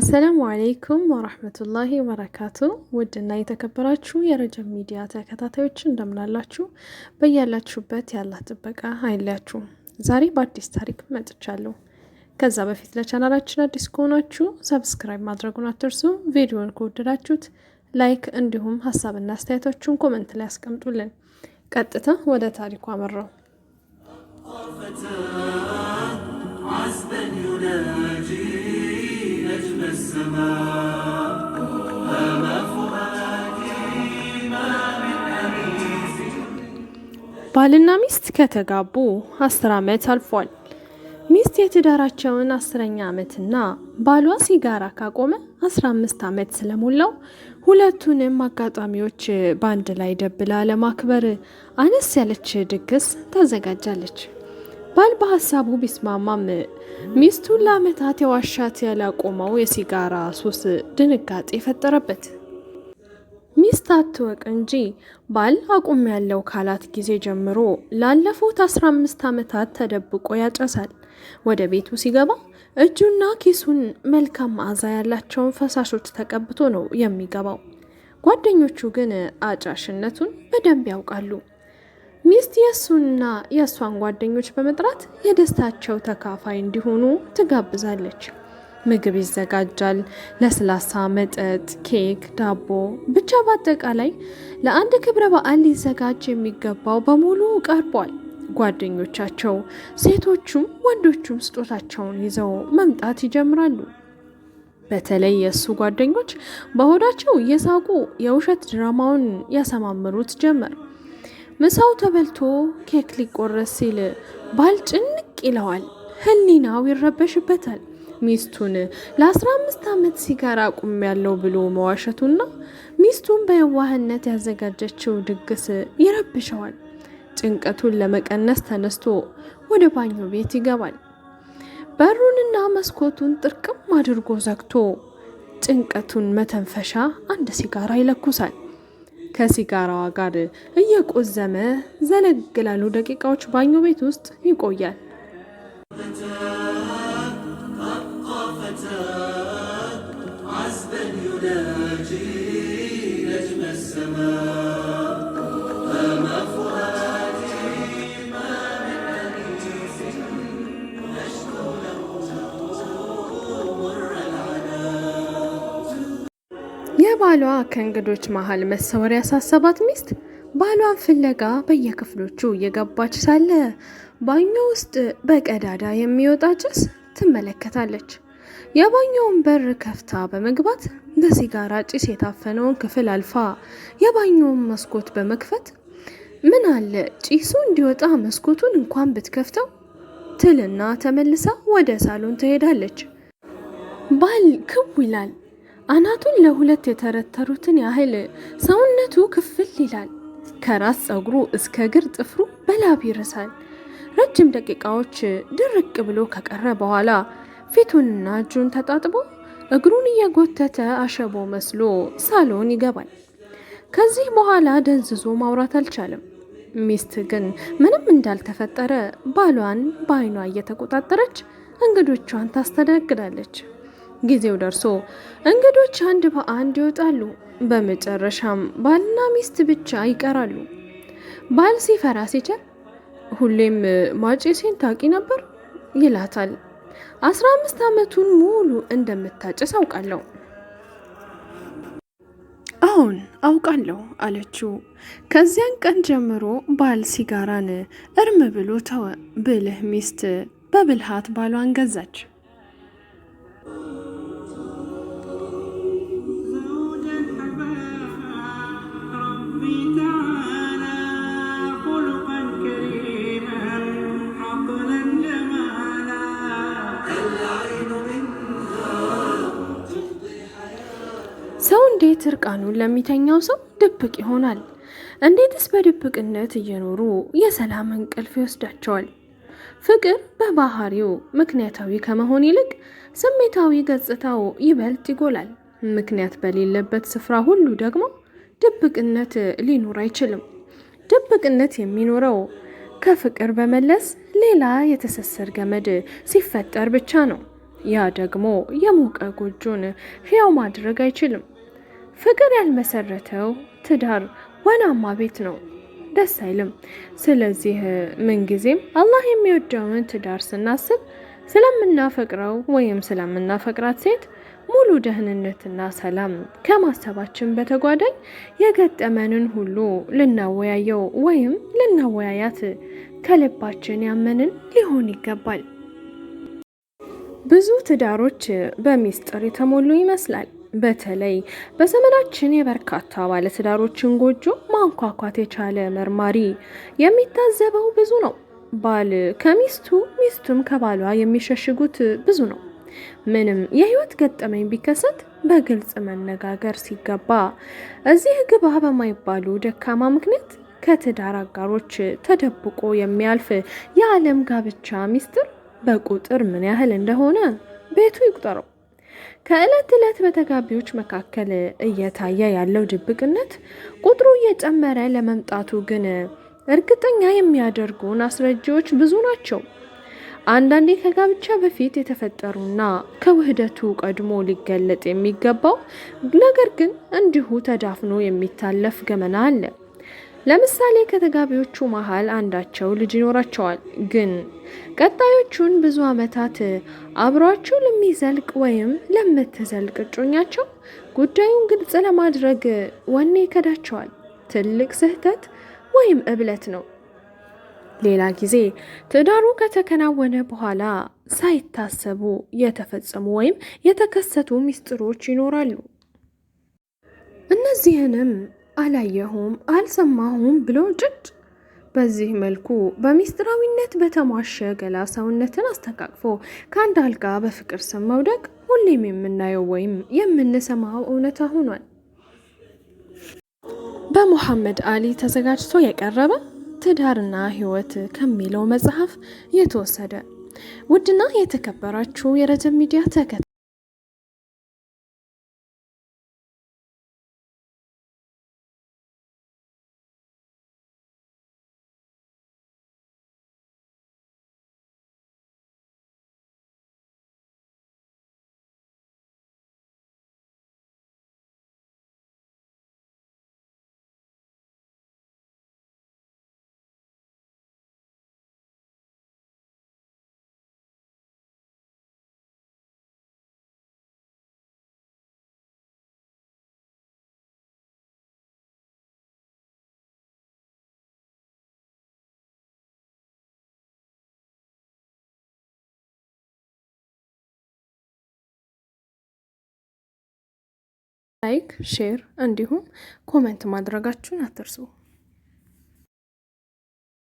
አሰላሙ አለይኩም ወራህመቱላሂ ወበረካቱ። ውድና የተከበራችሁ የረጀብ ሚዲያ ተከታታዮች እንደምናላችሁ፣ በያላችሁበት የአላህ ጥበቃ አይለያችሁ። ዛሬ በአዲስ ታሪክ መጥቻለሁ። ከዛ በፊት ለቻናላችን አዲስ ከሆናችሁ ሰብስክራይብ ማድረጉን አትርሱ። ቪዲዮን ከወደዳችሁት ላይክ፣ እንዲሁም ሀሳብና አስተያየታችሁን ኮመንት ላይ አስቀምጡልን ቀጥታ ወደ ታሪኩ አመራው። ባልና ሚስት ከተጋቡ አስር ዓመት አልፏል። ሚስት የትዳራቸውን አስረኛ ዓመትና ባሏ ሲጋራ ካቆመ አስራ አምስት ዓመት ስለሞላው ሁለቱንም አጋጣሚዎች በአንድ ላይ ደብላ ለማክበር አነስ ያለች ድግስ ታዘጋጃለች። ባል በሀሳቡ ቢስማማም ሚስቱን ለአመታት የዋሻት ያላቆመው የሲጋራ ሱስ ድንጋጤ ፈጠረበት። ሚስት አትወቅ እንጂ ባል አቁም ያለው ካላት ጊዜ ጀምሮ ላለፉት 15 ዓመታት ተደብቆ ያጨሳል። ወደ ቤቱ ሲገባ እጁና ኪሱን መልካም መዓዛ ያላቸውን ፈሳሾች ተቀብቶ ነው የሚገባው። ጓደኞቹ ግን አጫሽነቱን በደንብ ያውቃሉ። ሚስት የእሱና የእሷን ጓደኞች በመጥራት የደስታቸው ተካፋይ እንዲሆኑ ትጋብዛለች። ምግብ ይዘጋጃል። ለስላሳ መጠጥ፣ ኬክ፣ ዳቦ ብቻ በአጠቃላይ ለአንድ ክብረ በዓል ሊዘጋጅ የሚገባው በሙሉ ቀርቧል። ጓደኞቻቸው ሴቶቹም ወንዶቹም ስጦታቸውን ይዘው መምጣት ይጀምራሉ። በተለይ የእሱ ጓደኞች በሆዳቸው እየሳቁ የውሸት ድራማውን ያሰማምሩት ጀመር። ምሳው ተበልቶ ኬክ ሊቆረስ ሲል ባል ጭንቅ ይለዋል። ህሊናው ይረበሽበታል። ሚስቱን ለአስራ አምስት ዓመት ሲጋራ ቁም ያለው ብሎ መዋሸቱና ሚስቱን በየዋህነት ያዘጋጀችው ድግስ ይረብሸዋል። ጭንቀቱን ለመቀነስ ተነስቶ ወደ ባኞ ቤት ይገባል። በሩንና መስኮቱን ጥርቅም አድርጎ ዘግቶ ጭንቀቱን መተንፈሻ አንድ ሲጋራ ይለኩሳል። ከሲጋራዋ ጋር እየቆዘመ ዘለግ ላሉ ደቂቃዎች ባኞ ቤት ውስጥ ይቆያል። عذبا የባሏ ከእንግዶች መሀል መሰወር ያሳሰባት ሚስት ባሏን ፍለጋ በየክፍሎቹ እየገባች ሳለ ባኞ ውስጥ በቀዳዳ የሚወጣ ጭስ ትመለከታለች። የባኞውን በር ከፍታ በመግባት በሲጋራ ጭስ የታፈነውን ክፍል አልፋ የባኞውን መስኮት በመክፈት ምን አለ ጭሱ እንዲወጣ መስኮቱን እንኳን ብትከፍተው ትልና ተመልሳ ወደ ሳሎን ትሄዳለች። ባል ክው ይላል። አናቱን ለሁለት የተረተሩትን ያህል ሰውነቱ ክፍል ይላል። ከራስ ፀጉሩ እስከ እግር ጥፍሩ በላብ ይርሳል። ረጅም ደቂቃዎች ድርቅ ብሎ ከቀረ በኋላ ፊቱንና እጁን ተጣጥቦ እግሩን እየጎተተ አሸቦ መስሎ ሳሎን ይገባል። ከዚህ በኋላ ደንዝዞ ማውራት አልቻለም። ሚስት ግን ምንም እንዳልተፈጠረ ባሏን በአይኗ እየተቆጣጠረች እንግዶቿን ታስተናግዳለች። ጊዜው ደርሶ እንግዶች አንድ በአንድ ይወጣሉ። በመጨረሻም ባልና ሚስት ብቻ ይቀራሉ። ባል ሲፈራ ሲችል ሁሌም ማጨሴን ታቂ ነበር ይላታል። አስራ አምስት ዓመቱን ሙሉ እንደምታጭስ አውቃለሁ። አሁን አውቃለሁ አለችው። ከዚያን ቀን ጀምሮ ባል ሲጋራን እርም ብሎ ተወ። ብልህ ሚስት በብልሃት ባሏን ገዛች። እንዴት እርቃኑን ለሚተኛው ሰው ድብቅ ይሆናል? እንዴትስ በድብቅነት እየኖሩ የሰላም እንቅልፍ ይወስዳቸዋል? ፍቅር በባህሪው ምክንያታዊ ከመሆን ይልቅ ስሜታዊ ገጽታው ይበልጥ ይጎላል። ምክንያት በሌለበት ስፍራ ሁሉ ደግሞ ድብቅነት ሊኖር አይችልም። ድብቅነት የሚኖረው ከፍቅር በመለስ ሌላ የተሰሰር ገመድ ሲፈጠር ብቻ ነው። ያ ደግሞ የሞቀ ጎጆን ሕያው ማድረግ አይችልም። ፍቅር ያልመሰረተው ትዳር ወናማ ቤት ነው፣ ደስ አይልም። ስለዚህ ምንጊዜም አላህ የሚወደውን ትዳር ስናስብ ስለምናፈቅረው ወይም ስለምናፈቅራት ሴት ሙሉ ደህንነትና ሰላም ከማሰባችን በተጓዳኝ የገጠመንን ሁሉ ልናወያየው ወይም ልናወያያት ከልባችን ያመንን ሊሆን ይገባል። ብዙ ትዳሮች በሚስጥር የተሞሉ ይመስላል። በተለይ በዘመናችን የበርካታ ባለትዳሮችን ጎጆ ማንኳኳት የቻለ መርማሪ የሚታዘበው ብዙ ነው። ባል ከሚስቱ ሚስቱም ከባሏ የሚሸሽጉት ብዙ ነው። ምንም የህይወት ገጠመኝ ቢከሰት በግልጽ መነጋገር ሲገባ እዚህ ግባ በማይባሉ ደካማ ምክንያት ከትዳር አጋሮች ተደብቆ የሚያልፍ የዓለም ጋብቻ ሚስጥር በቁጥር ምን ያህል እንደሆነ ቤቱ ይቁጠረው። ከዕለት ዕለት በተጋቢዎች መካከል እየታየ ያለው ድብቅነት ቁጥሩ እየጨመረ ለመምጣቱ ግን እርግጠኛ የሚያደርጉን አስረጂዎች ብዙ ናቸው። አንዳንዴ ከጋብቻ በፊት የተፈጠሩና ከውህደቱ ቀድሞ ሊገለጥ የሚገባው ነገር ግን እንዲሁ ተዳፍኖ የሚታለፍ ገመና አለ። ለምሳሌ ከተጋቢዎቹ መሀል አንዳቸው ልጅ ይኖራቸዋል። ግን ቀጣዮቹን ብዙ ዓመታት አብሯቸው ለሚዘልቅ ወይም ለምትዘልቅ እጮኛቸው ጉዳዩን ግልጽ ለማድረግ ወኔ ይከዳቸዋል። ትልቅ ስህተት ወይም እብለት ነው። ሌላ ጊዜ ትዳሩ ከተከናወነ በኋላ ሳይታሰቡ የተፈጸሙ ወይም የተከሰቱ ምስጢሮች ይኖራሉ። እነዚህንም አላየሁም፣ አልሰማሁም ብሎ ጭጭ። በዚህ መልኩ በሚስጥራዊነት በተሟሸ ገላ ሰውነትን አስተቃቅፎ ከአንድ አልጋ በፍቅር ስም መውደቅ ሁሌም የምናየው ወይም የምንሰማው እውነታ ሆኗል። በሙሐመድ አሊ ተዘጋጅቶ የቀረበ ትዳርና ህይወት ከሚለው መጽሐፍ የተወሰደ። ውድና የተከበራችሁ የረጀብ ሚዲያ ተከታ ላይክ፣ ሼር እንዲሁም ኮመንት ማድረጋችሁን አትርሱ።